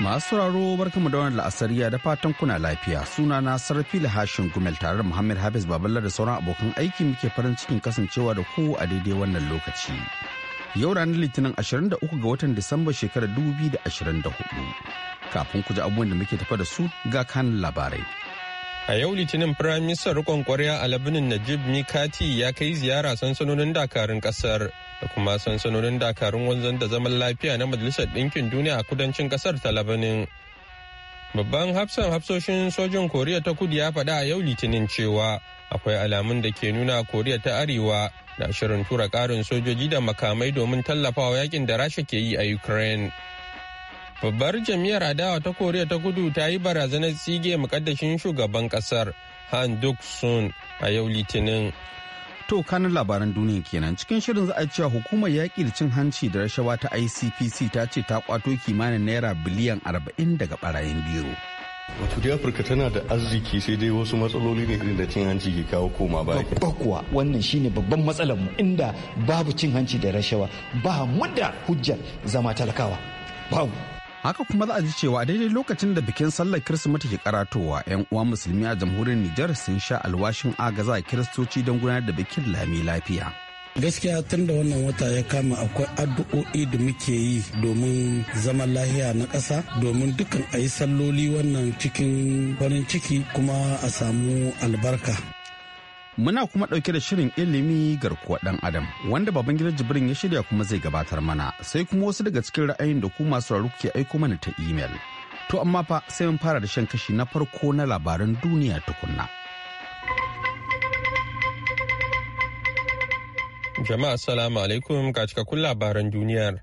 Masu sauraro kama da wani la'asariya da fatan kuna lafiya suna na sarfi hashin gumel tare da Muhammad Hafiz Baballa da sauran abokan aiki muke farin cikin kasancewa da ku a daidai wannan lokaci. Yau ranar Litinin 23 ga watan Disamba shekarar 2024. Kafin ku ji abubuwan da muke tafa da su ga kanin labarai. A yau Litinin Firaministan rikon kwarya a Labinin Najib Mikati ya kai ziyara sansanonin dakarun kasar da kuma sansanonin dakarun wanzan da zaman lafiya na Majalisar Ɗinkin Duniya a kudancin kasar ta Labanin. Babban hafsan hafsoshin sojin Koriya ta kudu ya faɗa a yau Litinin cewa akwai alamun da ke nuna Koriya ta Arewa da shirin tura ƙarin sojoji da makamai domin tallafawa yakin da Rasha ke yi a Ukraine. Babbar jami'ar adawa ta Koriya ta kudu ta yi barazanar tsige mukaddashin shugaban kasar Han Duk Sun a yau Litinin. To kanin labaran duniya kenan cikin shirin za a cewa hukumar yaƙi da cin hanci da rashawa ta ICPC ta ce ta kwato kimanin naira biliyan 40 daga barayin biro. Wato dai Afirka tana da arziki sai dai wasu matsaloli ne irin da cin hanci ke kawo koma baya. Babba kuwa wannan shine babban matsalar mu inda babu cin hanci da rashawa ba mu da hujjar zama talakawa. haka kuma za a ji cewa a daidai lokacin da bikin sallar kirsimeti ke karatowa yan uwa musulmi a jamhuriyar nijar sun sha alwashin agaza kiristoci don gudanar da bikin lami lafiya gaskiya tun da wannan wata ya kama akwai addu'o'i da muke yi domin zaman lahiya na ƙasa domin dukkan a yi salloli wannan cikin farin ciki kuma a samu albarka Muna kuma ɗauke da shirin ilimi garkuwa ɗan Adam wanda baban gidan jibrin ya shirya kuma zai gabatar mana sai kuma wasu daga cikin ra'ayin da ku masu raru ke aiko mana ta imel. To amma fa sai mun fara da shan kashi na farko na labaran duniya tukunna. Jama'a salamu alaikum ga cikakkun labaran duniyar.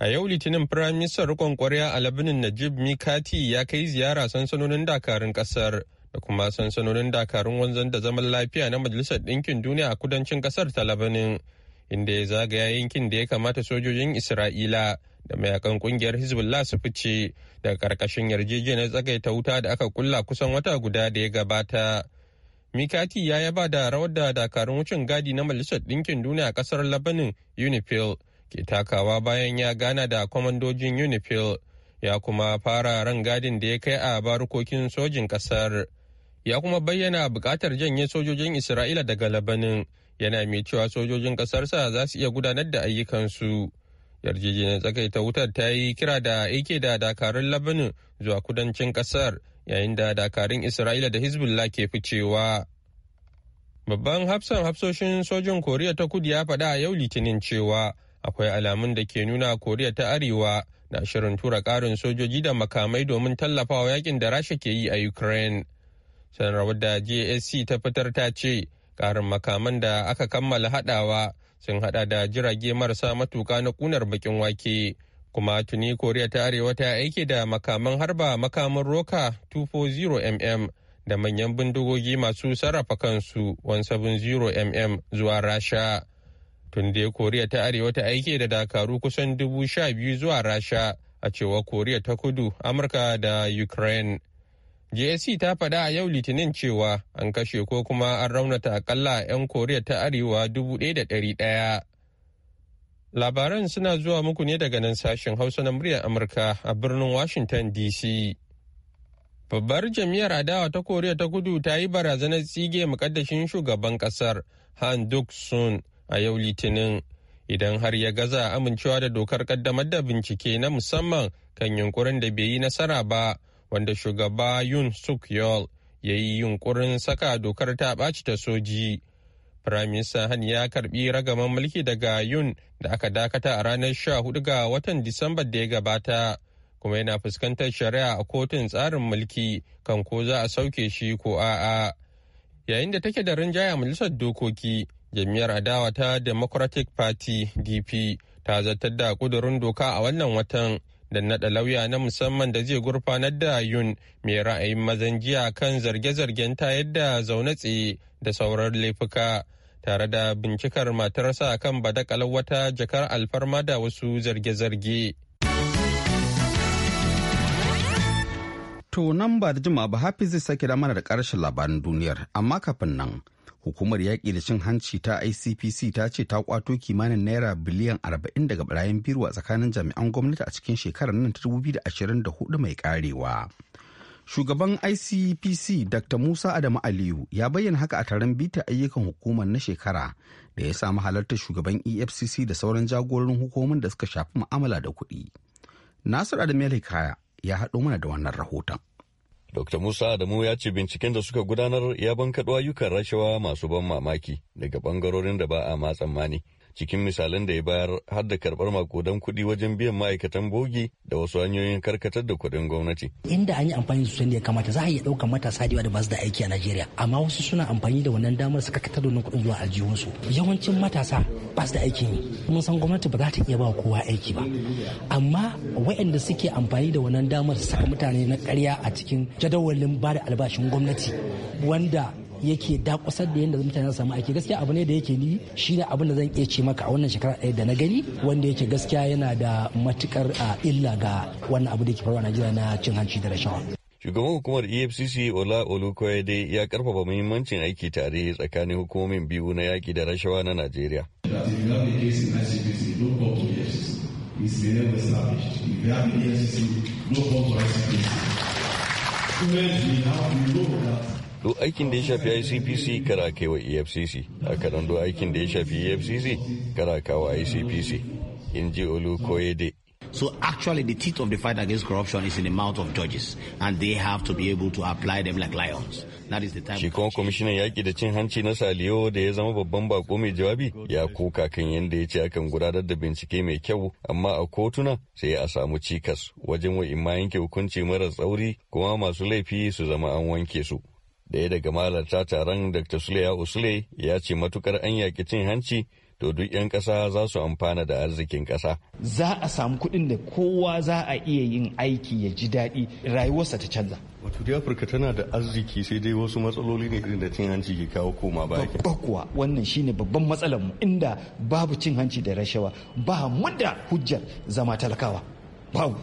A yau Litinin Firaministan rikon kwarya a Labinin Najib Mikati ya kai ziyara sansanonin dakarun kasar da kuma sansanonin dakarun wanzan da zaman lafiya na majalisar ɗinkin duniya a kudancin ƙasar ta labanin inda ya zagaya yankin da ya kamata sojojin isra'ila da mayakan kungiyar hezbollah su fice daga karkashin yarjejeniyar tsagaita wuta da aka kulla kusan wata guda da ya gabata mikati ya yaba da rawar da dakarun wucin gadi na majalisar ɗinkin duniya a ƙasar labanin unifil ke takawa bayan ya gana da kwamandojin unifil ya kuma fara ran gadin da ya kai a barukokin sojin ƙasar. ya kuma bayyana bukatar janye sojojin Isra'ila daga Labanin yana mai cewa sojojin ƙasarsa za su iya gudanar da ayyukansu. Yarjejeniyar tsakaita wutar ta yi kira da aike da dakarun Labanin zuwa kudancin ƙasar yayin da dakarun Isra'ila da Hezbollah ke ficewa. Babban hafsan hafsoshin sojin Koriya ta kudu ya faɗa a yau Litinin cewa akwai alamun da ke nuna Koriya ta Arewa na shirin tura ƙarin sojoji da makamai domin tallafawa yakin da Rasha ke yi a Ukraine. sanarwar da JSC ta fitar ta ce karin makaman da aka kammala hadawa sun hada da jirage marasa matuka na kunar bakin wake kuma tuni koriya ta arewa ta aike da makaman harba makaman roka 240 mm da manyan bindigogi masu sarrafa kansu 170 mm zuwa rasha tun koriya ta arewa ta aike da dakaru kusan dubu sha biyu zuwa rasha a cewa koriya ta kudu amurka da ukraine JSC ta faɗa a yau Litinin cewa an kashe ko kuma an raunata akalla 'yan Koriya ta Arewa dubu ɗaya. Labaran suna zuwa muku ne daga nan sashen Hausa na muryar Amurka a birnin Washington DC. Babbar jami'ar adawa ta Koriya ta Kudu ta yi barazanar tsige mukaddashin shugaban ƙasar Han Duk Sun a yau Litinin idan har ya gaza amincewa da dokar kaddamar da bincike na musamman kan yunkurin da bai yi nasara ba. wanda shugaba yun suk yol ya yi yunkurin saka dokar ta ɓaci ta soji firaminista han ya karbi ragaman mulki daga yun da aka dakata a ranar 14 ga watan disambar da ya gabata kuma yana fuskantar shari'a a kotun tsarin mulki kan ko za a sauke shi ko a'a yayin da take da rinjaya majalisar dokoki jam'iyyar adawa ta democratic party dp ta zartar da kudurin doka a wannan watan da nada lauya na musamman da zai gurfanar da yun mai ra'ayin mazan jiya kan zarge-zargen ta yadda zaune tsaye da sauran laifuka tare da bincikar matarsa kan badakalar wata jakar alfarma da wasu zarge-zarge. To nan ba da jima ba hafi zai sake da mana da ƙarshen labaran duniyar, amma kafin nan hukumar yaƙi da cin hanci ta icpc ta ce ta kwato kimanin naira biliyan 40 daga barayin biruwa tsakanin jami'an gwamnati a cikin shekarar nan ta 2024 mai karewa shugaban icpc dr musa adamu aliyu ya bayyana haka a taron bita ayyukan hukumar na shekara da ya samu halartar shugaban efcc da sauran jagororin hukumar da suka shafi mu'amala da kuɗi nasir adamu ya haɗo mana da wannan rahoton Dr. Musa Adamu ya ce binciken da suka gudanar ya bankaɗo ayyukan rashawa masu ban mamaki daga bangarorin da ba a ma tsammani. cikin misalin da ya bayar har da karbar makudan kuɗi wajen biyan ma'aikatan bogi da wasu hanyoyin karkatar da kuɗin gwamnati. Inda an yi amfani da su da ya kamata za a iya ɗaukar matasa da da ba su da aiki a Najeriya amma wasu suna amfani da wannan damar su karkatar da wannan kuɗin zuwa aljihunsu. Yawancin matasa ba su da aikin yi mun san gwamnati ba za ta iya ba kowa aiki ba amma waɗanda suke amfani da wannan damar su saka mutane na karya a cikin jadawalin ba da albashin gwamnati wanda yake dakusar da yadda mutane za su samu aiki gaskiya abu ne da yake ni shi ne abin da zan iya ce maka a wannan shekara ɗaya da na gani wanda yake gaskiya yana da matukar illa ga wannan abu da yake faruwa a Najeriya na cin hanci da rashawa. Shugaban hukumar EFCC Ola Olukoyede ya karfafa muhimmancin aiki tare tsakanin hukumomin biyu na yaki da rashawa na Najeriya. Students, we have that duk aikin da ya shafi icpc kara kai wa efcc haka nan duk aikin da ya shafi efcc kara kawa icpc in ji olu koyede So actually, the teeth of the fight against corruption is in the mouth of judges, and they have to be able to apply them like lions. Shi kuma kwamishinan yaki da cin hanci na Saliyo da ya zama babban bako mai jawabi ya koka kan yadda ya ce akan gudanar da bincike mai kyau amma a kotuna sai a samu cikas wajen wa'in ma yanke hukunci mara tsauri kuma masu laifi su zama an wanke su. Daya daga malarta taron Dr. Suleya Usule ya ce matukar an yaƙi cin hanci to duk 'yan ƙasa za su amfana da arzikin ƙasa. Za a samu kuɗin da kowa za a iya yin aiki ya ji daɗi rayuwarsa ta canza. Wato dai Afirka tana da arziki sai dai wasu matsaloli ne irin da cin hanci ke kawo koma ba Babba kuwa wannan shine babban matsalar mu inda babu cin hanci da rashawa ba mu da hujjar zama talakawa. Babu.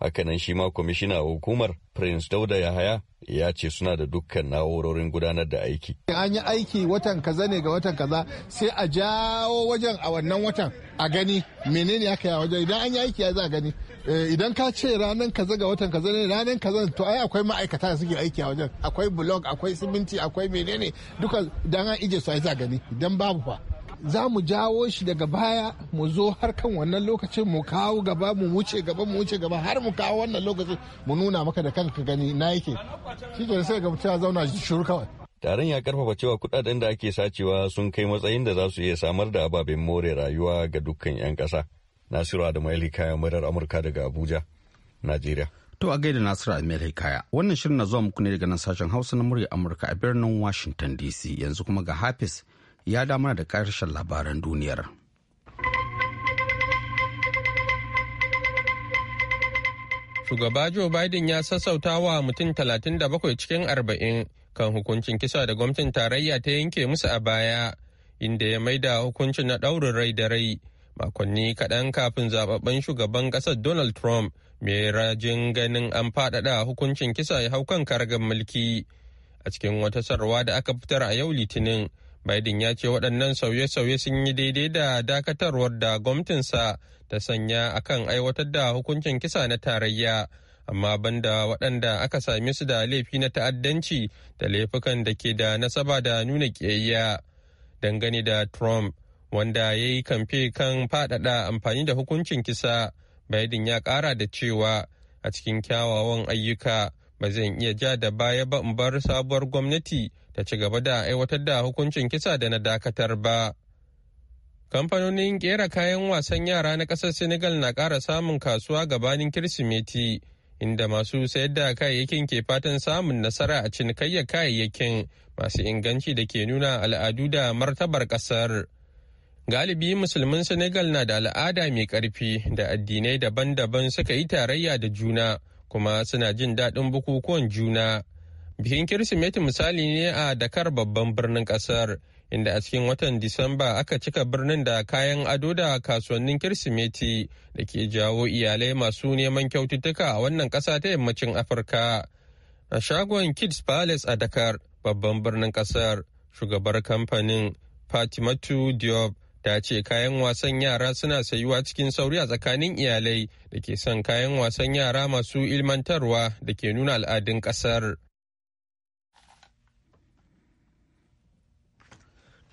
hakanan shi ma kwamishina hukumar prince dauda yahaya ya ce suna da dukkan na'urorin gudanar da aiki an yi aiki watan kaza ne ga watan kaza sai a jawo wajen a wannan watan a gani menene ya kai a wajen idan an yi aiki ya za a gani eh, idan ka ce ranar kaza ga watan kaza ne ranar kaza to ai akwai ma'aikata da suke aiki a wajen akwai blog akwai siminti akwai menene duka dan an ije su ai za a gani idan babu fa za mu jawo shi daga baya mu zo har kan wannan lokacin mu kawo gaba mu wuce gaba mu wuce gaba har mu kawo wannan lokacin mu nuna maka da kanka gani na yake shi ke sai ga ya zauna shuru kawai taron ya karfafa cewa kudaden da ake sacewa sun kai matsayin da za su iya samar da ababen more rayuwa ga dukkan 'yan kasa nasiru adamu Kaya murar amurka daga abuja najeriya To a gaida Nasiru Amir Kaya wannan shirin na zuwa muku ne daga nan sashen Hausa na murya Amurka a birnin Washington DC yanzu kuma ga Hafiz ya dama da karshen labaran duniyar. Shugaba Joe Biden ya sassauta wa mutum 37 cikin 40 kan hukuncin kisa da gwamnatin tarayya ta yanke musu a baya, inda ya maida hukuncin na ɗaurin rai da rai. Makonni kaɗan kafin zababben shugaban ƙasar Donald Trump mai rajin ganin an faɗaɗa hukuncin kisa ya hau kan mulki. A cikin wata sarwa da aka fitar a yau Litinin, Biden ya ce waɗannan sauye-sauye sun yi daidai da dakatarwar da gwamnatinsa ta sanya akan aiwatar da hukuncin kisa na tarayya, amma banda waɗanda aka same su da laifi na ta'addanci da laifukan da ke da nasaba da nuna ƙiyayya. Dangane da Trump, wanda ya yi kamfe kan faɗaɗa amfani da hukuncin kisa, Biden ya ƙara da cewa a cikin kyawawan ayyuka ba zan iya ja da baya ba in bar sabuwar gwamnati ta ci gaba da aiwatar da hukuncin kisa da na dakatar ba. Kamfanonin kera kayan wasan yara na ƙasar Senegal na ƙara samun kasuwa gabanin Kirsimeti, inda masu sayar da kayayyakin ke fatan samun nasara a cinikayyar kayayyakin masu inganci da ke nuna al'adu da martabar ƙasar. Galibi musulmin Senegal na da al'ada mai ƙarfi da addinai daban-daban suka yi tarayya da juna. kuma suna jin daɗin bukukuwan juna. Bikin Kirsimeti misali ne a Dakar babban birnin ƙasar, inda a cikin watan Disamba aka cika birnin da kayan ado da kasuwannin Kirsimeti da ke jawo iyalai masu neman kyaututtuka a wannan ƙasa ta yammacin Afirka. A shagon Kids Palace a Dakar, babban birnin ƙasar, shugabar kamfanin Fatimatu Diop ta ce kayan wasan yara suna sayuwa cikin sauri a tsakanin iyalai da ke son kayan wasan yara masu ilmantarwa da ke nuna al'adun ƙasar.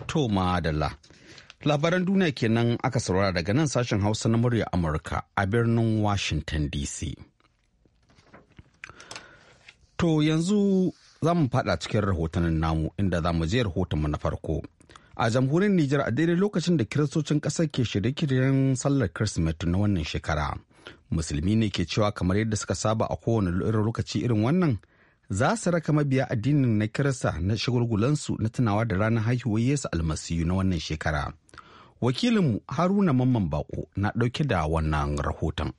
To madalla. Labaran duniya kenan aka saurara daga nan sashen Hausa na murya Amurka a birnin Washington DC. To yanzu za mu faɗa cikin rahotannin namu inda za mu je rahotonmu na farko. a jamhuriyar Nijar a daidai lokacin da kiristocin ƙasar ke shirye-shiryen sallar Kirsimeti na wannan shekara. Musulmi ne ke cewa kamar yadda suka saba a kowane lokaci irin wannan za su raka mabiya addinin na Kirista na shagulgulansu na tunawa da ranar haihuwar Yesu almasiyu na wannan shekara. Wakilinmu Haruna Mamman Bako na ɗauke da wannan rahoton.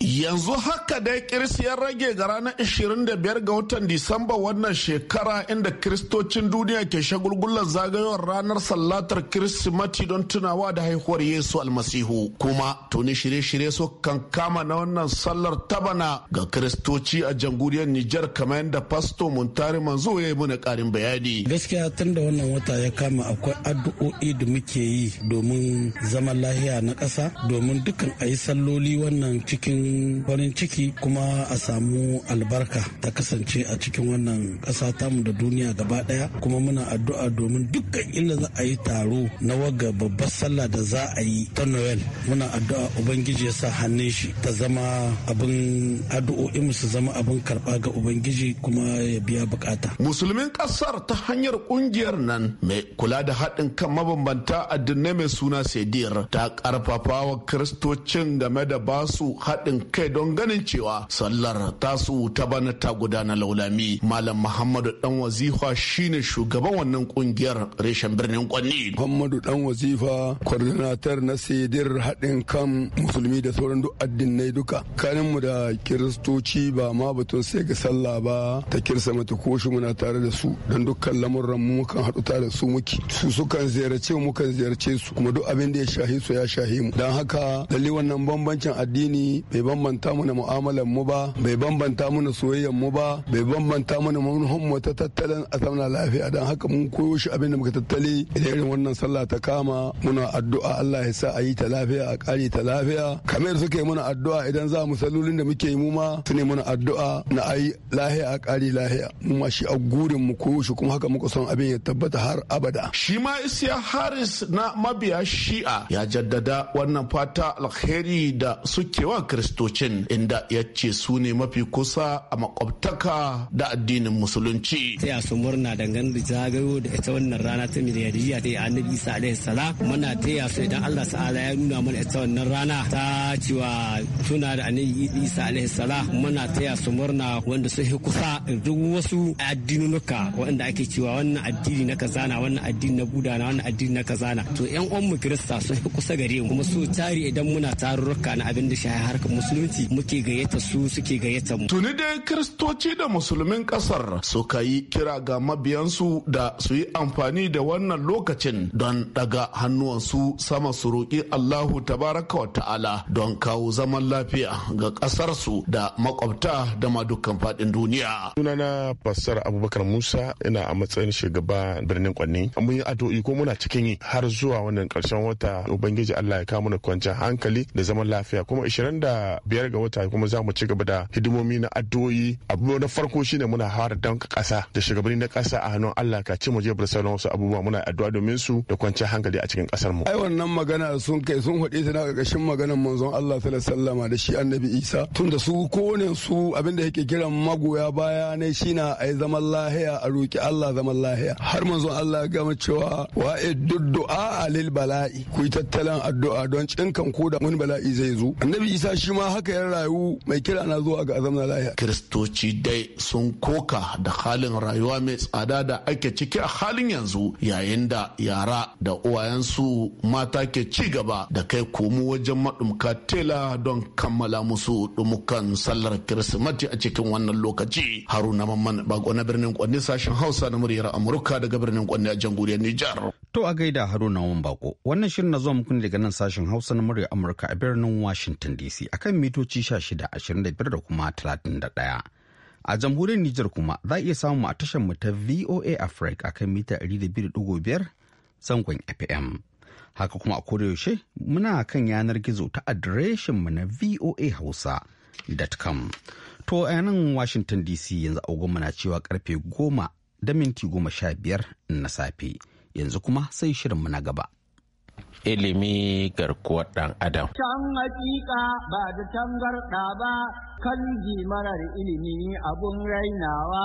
Yanzu haka dai Kirsi ya rage ga ranar 25 ga watan Disamba wannan shekara inda Kiristocin duniya ke shagulgular zagayowar ranar sallatar Kirsimati don tunawa da haihuwar Yesu almasihu. Kuma tuni shirye-shirye su kan kama na wannan sallar tabana ga Kiristoci a jamhuriyar Nijar kamar yadda Pasto Muntari Manzo ya yi mana karin bayani. Gaskiya tun da wannan wata ya kama akwai addu'o'i da muke yi domin zaman lahiya na ƙasa domin dukan a yi salloli wannan cikin cikin farin ciki kuma a samu albarka ta kasance a cikin wannan ƙasa tamu da duniya gaba ɗaya kuma muna addu'a domin dukkan inda za a yi taro na waga babbar sallah da za a yi ta noel muna addu'a ubangiji ya sa hannun shi ta zama abin addu'o'in su zama abin karɓa ga ubangiji kuma ya biya bukata musulmin ƙasar ta hanyar ƙungiyar nan mai kula da haɗin kan mabambanta addinai mai suna sedir ta ƙarfafa wa kiristocin game da basu haɗin kai don ganin cewa sallar tasu ta bana ta gudana laulami malam muhammadu dan wazifa shine shugaban wannan kungiyar reshen birnin kwanni muhammadu dan wazifa coordinator na sedir haɗin kan musulmi da sauran duk addinai duka kaninmu da kiristoci ba ma batun sai ga sallah ba ta kirsa mata ko shi muna tare da su don dukkan lamuran mu kan haɗu tare da su muke su sukan ziyarce mu kan ziyarce su kuma duk abin da ya shahi su ya shahi mu dan haka lalle wannan bambancin addini bai bambanta mana mu'amalan mu ba bai bambanta mana soyayyan mu ba bai bambanta mana manhum ta tattalin a lafiya dan haka mun koyo shi abin da muka tattali idan irin wannan sallah ta kama muna addu'a Allah ya sa a yi ta lafiya a kare ta lafiya kamar suka yi mana addu'a idan za mu sallolin da muke yi mu ma su ne addu'a na ayi lahiya a kare lahiya mu ma shi a gurin mu koyo shi kuma haka muka son abin ya tabbata har abada shi ma isya haris na mabiya shi'a ya jaddada wannan fata alkhairi da suke wa kristi kiristocin inda ya ce su ne mafi kusa a makwabtaka da addinin musulunci. Sai a su murna dangane da zagayo da ita wannan rana ta miliyariya ta annabi Isa alaihi sala muna taya su idan Allah saala ya nuna mana ita wannan rana ta cewa tuna da annabi Isa alaihi sala muna taya su murna wanda su yi kusa duk wasu addinunuka wanda ake cewa wannan addini na kazana wannan addini na buda na wannan addini na kazana to yan uwan mu kirista su yi kusa gare mu kuma su tari idan muna tarurruka na abin da shi harkar musulunci muke gayyata su suke gayyata mu tuni dai kiristoci da musulmin kasar suka yi kira ga mabiyansu da su yi amfani da wannan lokacin don daga hannuwansu sama su roƙi allahu tabaraka wa ta'ala don kawo zaman lafiya ga ƙasarsu da makwabta da ma dukkan faɗin duniya sunana fassar abubakar musa ina a matsayin shugaba birnin kwanni mun yi addu'o'i ko muna cikin yi har zuwa wannan karshen wata ubangiji allah ya kawo mana kwanciyar hankali da zaman lafiya kuma biyar ga wata kuma za mu ci gaba da hidimomi na addu'o'i abu na farko shine muna hara danka kasa da shugabanni na kasa a hannun Allah ka ci mu je Barcelona wasu abubuwa muna addu'a domin su da kwanciyar hankali a cikin kasar mu ai wannan magana sun kai sun hade ta na karkashin maganar manzon Allah sallallahu alaihi da shi annabi Isa tun da su ne su abinda yake kiran magoya baya ne shine ai zaman lahiya a roki Allah zaman lahiya har manzon Allah ya gama cewa wa du'a lil bala'i ku yi tattalin addu'a don cinkan ko da wani bala'i zai zo annabi Isa shi ma haka ya rayu mai kira na zuwa ga azamna lahiya kiristoci dai sun koka da halin rayuwa mai tsada da ake ciki a halin yanzu yayin da yara da uwayensu mata ke ci gaba da kai komo wajen maɗumka tela don kammala musu ɗumukan sallar kirsimati a cikin wannan lokaci haruna mamman bako na birnin kwanne sashen hausa na muryar amurka daga birnin kwanne a jamhuriyar nijar To a gaida Haruna Wan Bako, wannan shirin na zuwa muku ne daga nan sashen Hausa na murya Amurka a birnin Washington DC akan mitoci shida ashirin da kuma 31. A jamhuriyar Nijar kuma za a iya samu a tashar mu ta VOA Africa akan mita 200.5 zangon FM. Haka kuma a yaushe muna kan yanar gizo ta adireshin mu na voahausa.com. To a nan Washington DC yanzu agogon na cewa karfe 10 da minti 15 na safe. yanzu kuma sai shirinmu na gaba. ilimi garkuwar ɗan adam. Can hakika ba da tangarɗa ba kan marar ilimi abun rainawa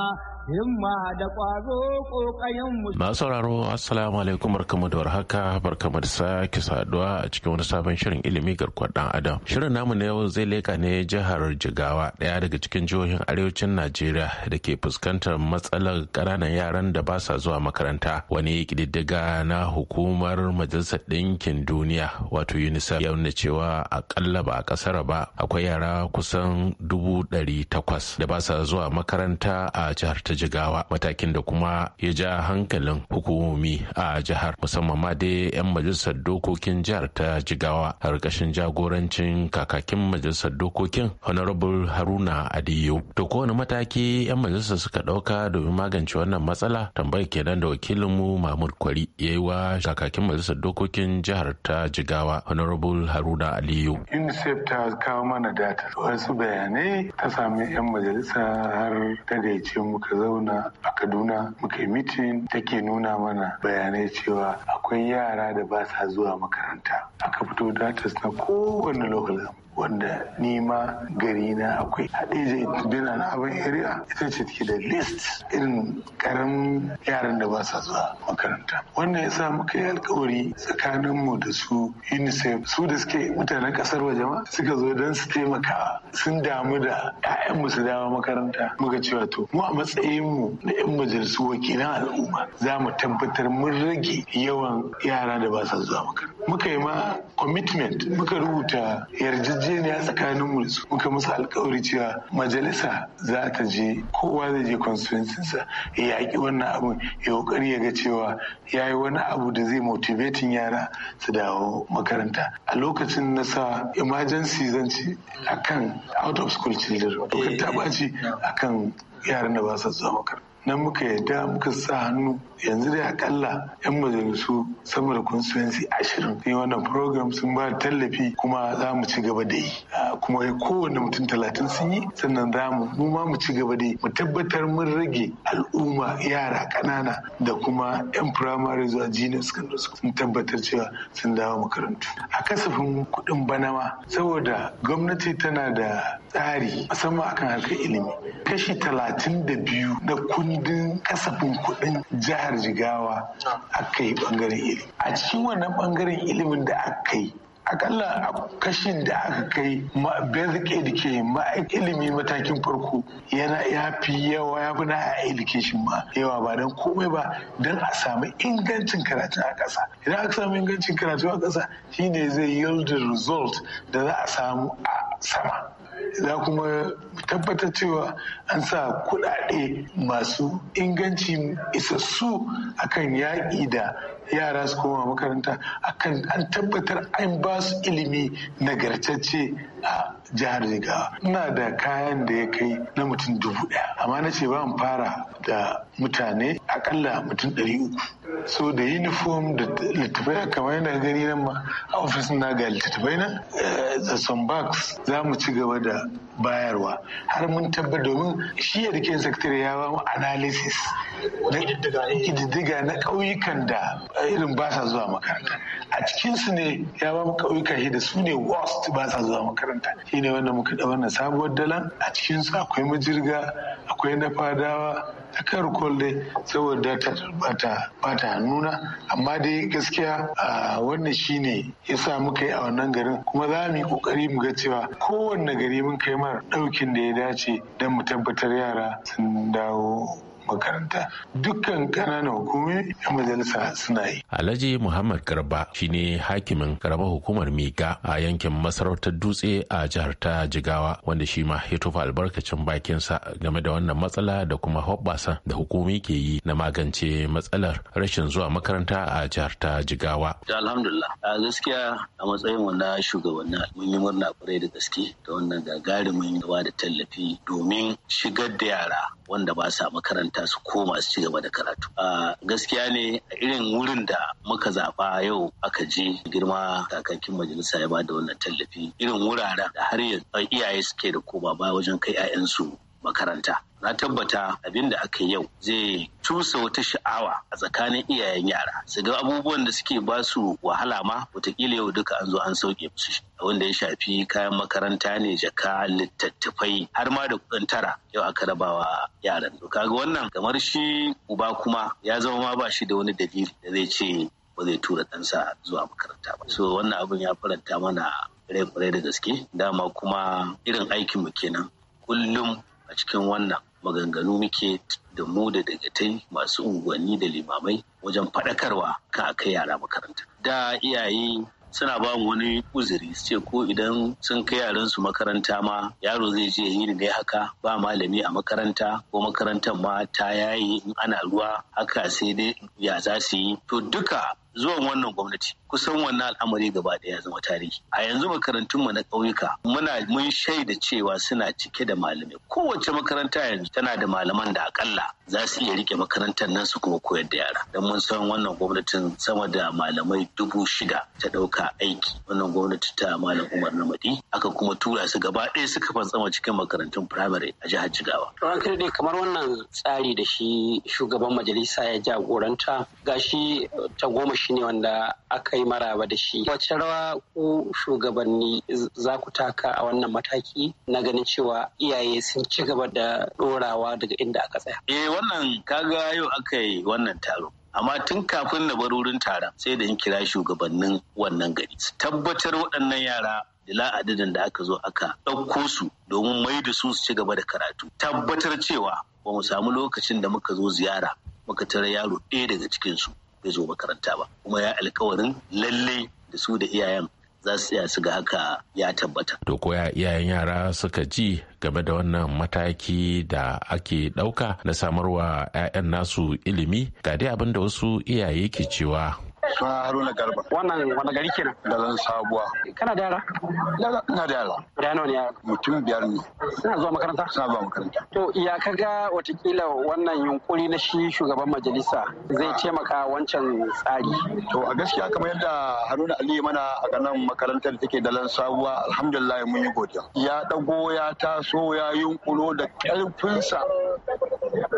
himma da ƙwazo ƙoƙayen mu. Na sauraro assalamu alaikum barkamu da warhaka barkamu da sake saduwa a cikin wani sabon shirin ilimi garkuwar ɗan adam. Shirin namu na yau zai leƙa ne jihar Jigawa ɗaya daga cikin jihohin arewacin Najeriya da ke fuskantar matsalar ƙananan yaran da ba sa zuwa makaranta wani ƙididdiga na hukumar majalisar ɗin yankin duniya wato unicef ya nuna cewa akalla ba a ƙasar ba akwai yara kusan dubu ɗari takwas da ba sa zuwa makaranta a jihar ta jigawa matakin da kuma ya ja hankalin hukumomi a jihar musamman ma dai 'yan majalisar dokokin jihar ta jigawa a ƙarƙashin jagorancin kakakin majalisar dokokin honorable haruna adiyo to kowane mataki 'yan majalisar suka ɗauka domin magance wannan matsala tambayar kenan da wakilinmu mahmud kwari ya yi wa kakakin majalisar dokokin gwamnan jihar ta jigawa honorable haruna aliyu unicef ta kawo mana data wasu bayanai ta sami yan majalisa har ta da ce muka zauna a kaduna muka yi mitin take nuna mana bayanai cewa akwai yara da ba sa zuwa makaranta aka fito datas na kowane lokacin wanda nima gari na akwai hadija bina na abin area ita ce take da list irin karamin yaran da ba sa zuwa makaranta wannan yasa muka yi alkawari mu da su unicef su da suke mutanen kasar waje ma suka zo don su taimaka sun damu da mu su dawo makaranta muka cewa to mu a matsayin mu na 'yan majalisu wakilan al'umma za mu tabbatar mun rage yawan yara da ba sa zuwa makaranta muka yi ma commitment muka rubuta yarjejeniya tsakanin mu su muka musu alkawari cewa majalisa za ta je kowa zai je constituency ya yaki wannan abun ya kokari ya ga cewa ya yi wani abu da zai motivatin yara su dawo makaranta a lokacin na sa emergency zan ci kan out of school children dokar ta a akan yaran da ba su zuwa makaranta nan muka yadda muka sa hannu yanzu dai akalla yan majalisu sama da constituency ashirin ne wannan program sun ba tallafi kuma za mu ci gaba da yi ah, kuma kowane mutum talatin sun yi sannan za mu ma mu ci gaba da yi mu tabbatar mun rage al'umma yara ƙanana da kuma yan firamare zuwa junior secondary sun tabbatar cewa sun dawo makarantu a kasafin kuɗin bana saboda gwamnati tana da tsari musamman akan harkar ilimi kashi talatin da biyu na kundin kasafin kuɗin jihar jihar jigawa ah. aka yi bangaren ilimi a cikin wannan bangaren ilimin da aka yi akalla a kashin da aka kai basic education ma ilimi matakin farko yana ya fi yawa ya fi na education ma yawa ba don komai ba don a samu ingancin karatu a ƙasa idan aka samu ingancin karatu a ƙasa shine zai yield result da za a samu a sama za kuma tabbatar cewa an sa kuɗaɗe masu inganci isassu akan yaƙi da yara su koma makaranta akan an tabbatar an ba su ilimi nagartacce a jihar jigawa ina da kayan da ya kai na mutum dubu ɗaya amma na ce ba fara da mutane akalla mutum ɗari uku so da uniform da littafai kamar yana gani nan ma a ofis na ga littattafai nan eh, the some box za mu ci gaba da bayarwa har mun tabbatar domin shi ya rike sakitare ya ba mu analysis na ƙididdiga na ƙauyukan da eh, irin ba sa zuwa makaranta a cikinsu ne ya ba mu ƙauyuka shi da su ne worst ba sa zuwa makaranta shi ne wanda muka da wannan sabuwar dalan a cikinsu akwai majirga akwai na fadawa a kan dai saboda ta bata hannuna amma dai gaskiya wannan shine sa muka yi a wannan garin kuma za mu yi kokari mu ga cewa kowanne gari mun kai mara ɗaukin da ya dace don mu tabbatar yara sun dawo makaranta dukkan kananan hukumai yan majalisa suna yi. Alhaji Muhammad Garba shine hakimin karamar hukumar miga a yankin masarautar Dutse a jihar ta Jigawa wanda shi ma ya tofa albarkacin bakinsa game da wannan matsala da kuma hoɓɓasa da hukumi ke yi na magance matsalar rashin zuwa makaranta a jihar ta Jigawa. Alhamdulillah a gaskiya a matsayin wannan shugabanni mun yi murna kwarai da gaske da wannan gagarumin gaba da tallafi domin shigar da yara wanda ba sa makaranta su koma su ci gaba da karatu a gaskiya ne a irin wurin da muka zafa yau aka je girma kakakin majalisa ya ba da wannan tallafi irin wuraren da har yanzu iyaye suke da koma ba wajen kai 'ya'yansu makaranta na tabbata abin da aka yau zai cusa wata sha'awa a tsakanin iyayen yara su ga abubuwan da suke ba su wahala ma wataƙila yau duka an zo an sauke musu wanda ya shafi kayan makaranta ne jaka littattafai har ma da kuɗin tara yau aka rabawa yaran to kaga wannan kamar shi uba kuma ya zama ma ba shi da wani dalili da zai ce ba zai tura ɗansa zuwa makaranta ba so wannan abin ya faranta mana rai da gaske dama kuma irin aikin mu kenan kullum a cikin wannan maganganu muke da mu da dagatai masu unguwanni da limamai wajen faɗakarwa kan a kai yara makaranta da iyaye suna ba mu wani uzuri su ce ko idan sun kai yaran su makaranta ma yaro zai je yi ne haka ba malami a makaranta ko makarantar ma ta yayi in ana ruwa haka sai dai ya za su yi to duka zuwan wannan gwamnati kusan wannan al'amari gaba ɗaya zama tarihi a yanzu makarantunmu na ƙauyuka muna mun shaida cewa suna cike da malamai kowace makaranta yanzu tana da malaman da akalla za su iya rike makarantar nan su kuma koyar da yara don mun san wannan gwamnatin sama da malamai dubu shida ta ɗauka aiki wannan gwamnati ta malam umar namadi aka kuma tura su gaba ɗaya suka fantsama cikin makarantun firamare a jihar jigawa. to an kamar wannan tsari da shi shugaban majalisa ya jagoranta gashi ta goma shine wanda aka yi maraba da shi wace rawa ku shugabanni za ku taka a wannan mataki na ganin cewa iyaye sun ci gaba da dorawa daga inda aka tsaya eh wannan kaga yau aka yi wannan taro amma tun kafin na bar wurin taron sai da in kira shugabannin wannan gari su tabbatar waɗannan yara da la'adadin da aka zo aka ɗauko su domin mai da su su ci gaba da karatu tabbatar cewa ba mu samu lokacin da muka zo ziyara muka tara yaro ɗaya daga cikinsu zai zo makaranta ba kuma ya alkawarin lalle da su da iyayen za su iya su ga haka ya tabbata. To koya iyayen yara suka ji game da wannan mataki da ake ɗauka na samarwa 'ya'yan nasu ilimi ga dai abin da wasu iyaye ke cewa suna haruna garba wannan wani gari kenan da zan sabuwa kana da yara ina da yara da yana ne yara mutum biyar ne suna zuwa makaranta suna zuwa makaranta to ya kaga watakila wannan yunkuri na shi shugaban majalisa zai ah. taimaka wancan tsari to a gaskiya kamar yadda haruna ali mana a nan makarantar take da lan sabuwa alhamdulillah mun yi godiya ya dago ya taso ya yunkuro da karfinsa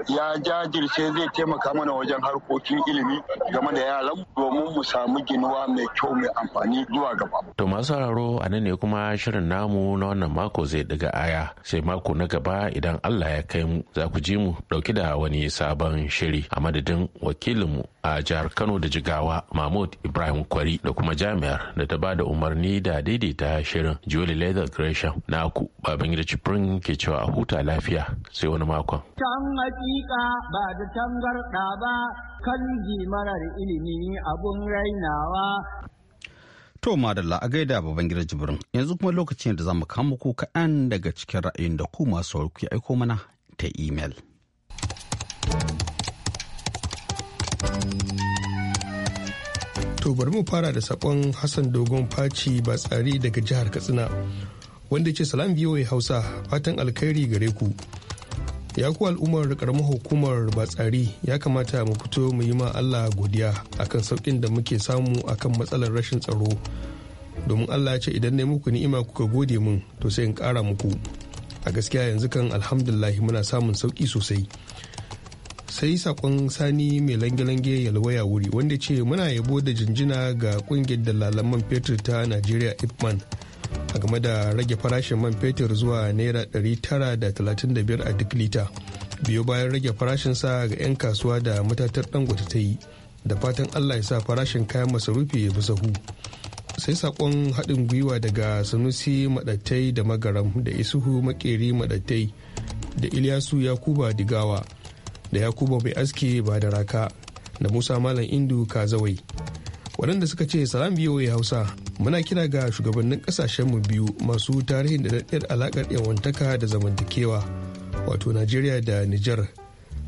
ya jajirce zai taimaka mana wajen harkokin ilimi game da yaran domin domin mu samu ginuwa mai kyau mai amfani zuwa gaba. To masu sauraro a nan ne kuma shirin namu na wannan mako zai daga aya sai mako na gaba idan Allah ya kai mu za ku ji mu dauki da wani sabon shiri a madadin wakilinmu a jihar Kano da Jigawa Mahmud Ibrahim Kwari da kuma jami'ar da ta bada umarni da daidaita shirin Julie Leather Gresham na ku Babangida Ciprin ke cewa a huta lafiya sai wani makon. Can hakika ba da tangarda ba kalji da ilimi abun rainawa. To madalla a gaida baban gida jibirin yanzu kuma lokacin da za mu kama ku kaɗan daga cikin ra'ayin da ku masu ku aiko mana ta imel. To bari mu fara da saƙon Hassan Dogon Faci ba tsari daga jihar Katsina wanda ce salam biyoyi Hausa fatan alkhairi gare ku. ya ku al'ummar karamar hukumar batsari ya kamata mu fito mu yi ma Allah godiya akan saukin da muke samu akan matsalar rashin tsaro domin Allah ya ce idan ne muku ni'ima kuka gode mun to sai in kara muku a gaskiya yanzu kan alhamdulillah muna samun sauki sosai sai sakon sani mai lange-lange yalwaya wuri wanda ce muna yabo da jinjina ga kungiyar dalalan man fetur ta nigeria Ipman a game da rage farashin man fetur zuwa naira 935 a duk lita biyo bayan rage farashin sa ga 'yan kasuwa da matatar dangote ta yi da fatan allah ya sa farashin kayan masarufi ya bi sahu sai sakon haɗin gwiwa daga sanusi maɗattai da magaram da isuhu makeri maɗattai da iliyasu yakuba digawa da yakuba mai aske ba da raka da musa malam indu kazawai waɗanda suka ce salam ya hausa muna kira ga shugabannin mu biyu masu tarihin da daɗaɗɗiyar alaƙar yawantaka da zamantakewa wato najeriya da nijar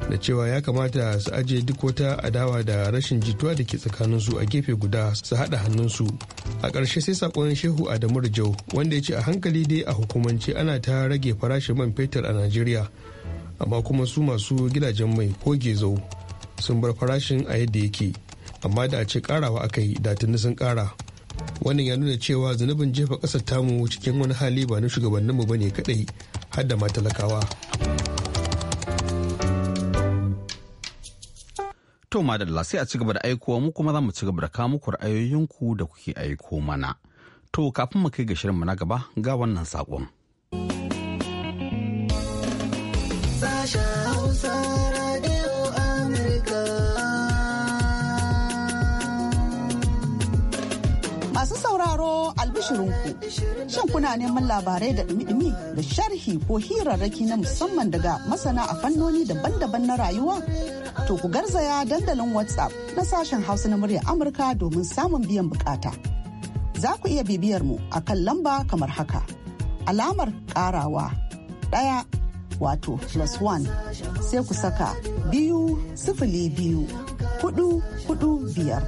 da cewa ya kamata su ajiye duk wata adawa da rashin jituwa da ke tsakaninsu a gefe guda su haɗa hannunsu a ƙarshe sai saƙon shehu adamu rijau wanda ya ce a hankali dai a hukumance ana ta rage farashin man fetur a najeriya amma kuma su masu gidajen mai ko gezo sun bar farashin a yadda yake amma da a ce karawa aka yi da tuni sun kara wannan ya nuna cewa zunubin jefa ƙasar tamu cikin wani hali ba na shugabanninmu ba ne kadai har da matalakawa To madalla sai a cigaba da aikowa mu kuma za mu cigaba da kawo muku ra'ayoyinku da kuke aiko mana. To kafin mu kai ga shirinmu na gaba ga wannan saƙon. ku shan kuna neman labarai da dumi da sharhi ko hirarraki na musamman daga masana a fannoni daban-daban na rayuwa to ku garzaya dandalin whatsapp na sashen hausa na muryar amurka domin samun biyan bukata za ku iya bibiyar mu a kan lamba kamar haka alamar karawa ɗaya wato plus one sai ku saka biyu sifili biyu hudu hudu biyar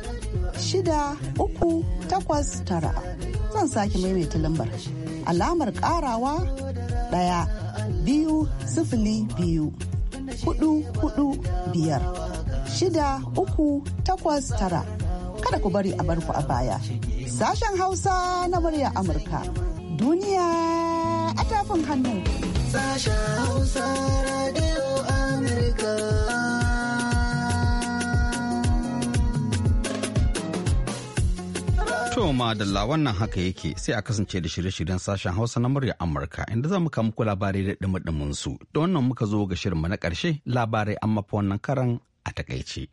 shida uku takwas tara zan sake maimaita lambar alamar karawa ɗaya biyu sifili biyu hudu hudu biyar shida uku takwas tara kada ku bari a barku a baya sashen hausa na murya amurka duniya a tafin hannu sashen hausa radio To madalla wannan haka yake sai a kasance da shirye-shiryen sashen Hausa na murya Amurka inda za mu kawo muku labarai da dumudumin su. Da wannan muka zo ga shirinmu na ƙarshe labarai amma fa wannan karan a takaice.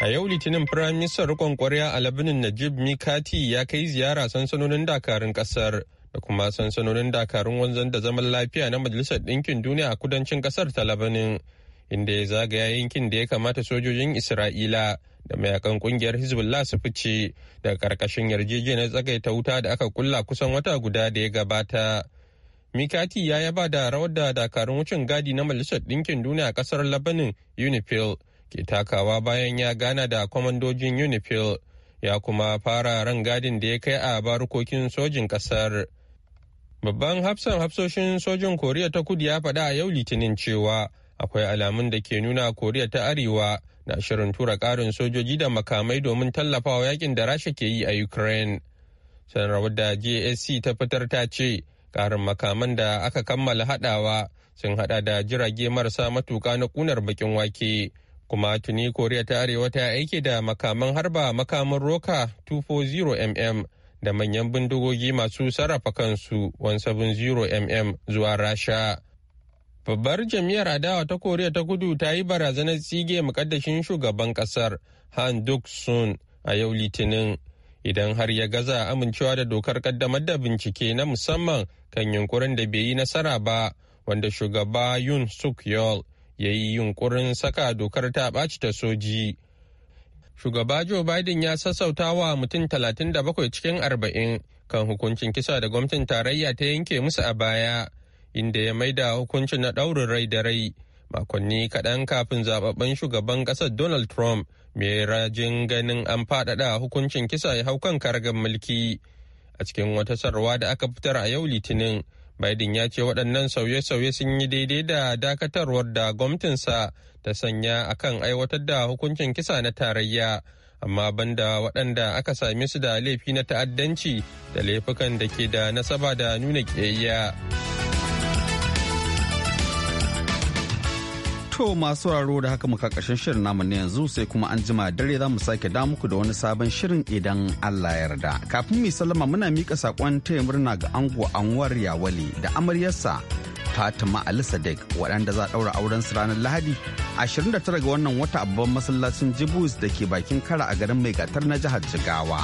A yau Litinin Firaministan rikon kwarya a labinin Najib Mikati ya kai ziyara sansanonin dakarun kasar da kuma sansanonin dakarun wanzan da zaman lafiya na Majalisar Ɗinkin Duniya a kudancin kasar ta Labanin. inda ya zagaya yankin da ya kamata sojojin isra'ila da mayakan kungiyar hezbollah su fice daga karkashin yarjejeniyar tsagaita wuta da aka kulla kusan wata guda da ya gabata mikati ya yaba da rawar da dakarun wucin gadi na majalisar ɗinkin duniya a ƙasar labanin unifil ke takawa bayan ya gana da kwamandojin unifil ya kuma fara ran gadin da ya kai a barukokin sojin ƙasar babban hafsan hafsoshin sojin koriya ta kudu ya faɗa a yau litinin cewa akwai alamun da ke nuna koriya ta arewa na shirin tura ƙarin sojoji da makamai domin tallafawa yakin da rasha ke yi a ukraine sanarwar da jsc ta fitar ta ce ƙarin makaman da aka kammala haɗawa sun haɗa da jirage marasa matuƙa na ƙunar bakin wake kuma tuni koriya ta arewa ta aike da makaman harba makamin roka 240 mm da manyan bindigogi masu sarrafa kansu 170 mm zuwa rasha Babbar jam'iyyar adawa ta Koriya ta kudu ta yi barazanar tsige mukaddashin shugaban kasar Han Duk Sun a yau Litinin idan har ya gaza amincewa da dokar kaddamar da bincike na musamman kan yunkurin da bai yi nasara ba wanda shugaba Yun Suk Yol ya yi yunkurin saka dokar ta ɓaci ta soji. Shugaba Joe Biden ya sassauta wa mutum 37 cikin 40 kan hukuncin kisa da gwamnatin tarayya ta yanke musu a baya inda ya maida hukuncin na ɗaurin rai da rai makonni kaɗan kafin zababben shugaban ƙasar donald trump mai rajin ganin an faɗaɗa hukuncin kisa ya hau kan kargan mulki a cikin wata sarwa da aka fitar a yau litinin biden ya ce waɗannan sauye-sauye sun yi daidai da dakatarwar da gwamnatinsa ta sanya akan aiwatar da hukuncin kisa na tarayya amma banda waɗanda aka same su da laifi na ta'addanci da laifukan da ke da nasaba da nuna ƙiyayya. To masu sauraro da haka muka ƙarshen shirin namu ne yanzu sai kuma an jima dare za mu sake da muku da wani sabon shirin idan Allah ya yarda. Kafin mu sallama muna mika sakon taya murna ga ango Anwar Yawale da amaryarsa Fatima Ali Sadiq waɗanda za a ɗaura auren su ranar Lahadi 29 ga wannan wata babban masallacin Jibus da ke bakin kara a garin mai gatar na jihar Jigawa.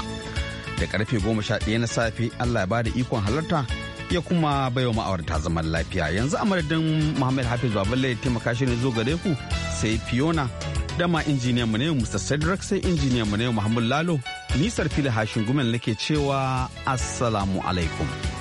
Da karfe 11 na safe Allah ya bada ikon halarta ya kuma baiwa ma'aurata zaman lafiya yanzu a madadin muhammad hafiz baballe ya taimaka shi ne zo gare ku sai fiona dama injiniyan mu ne mr cedric sai injiniyan mu ne muhammad lalo nisar fili hashin gumen nake cewa assalamu alaikum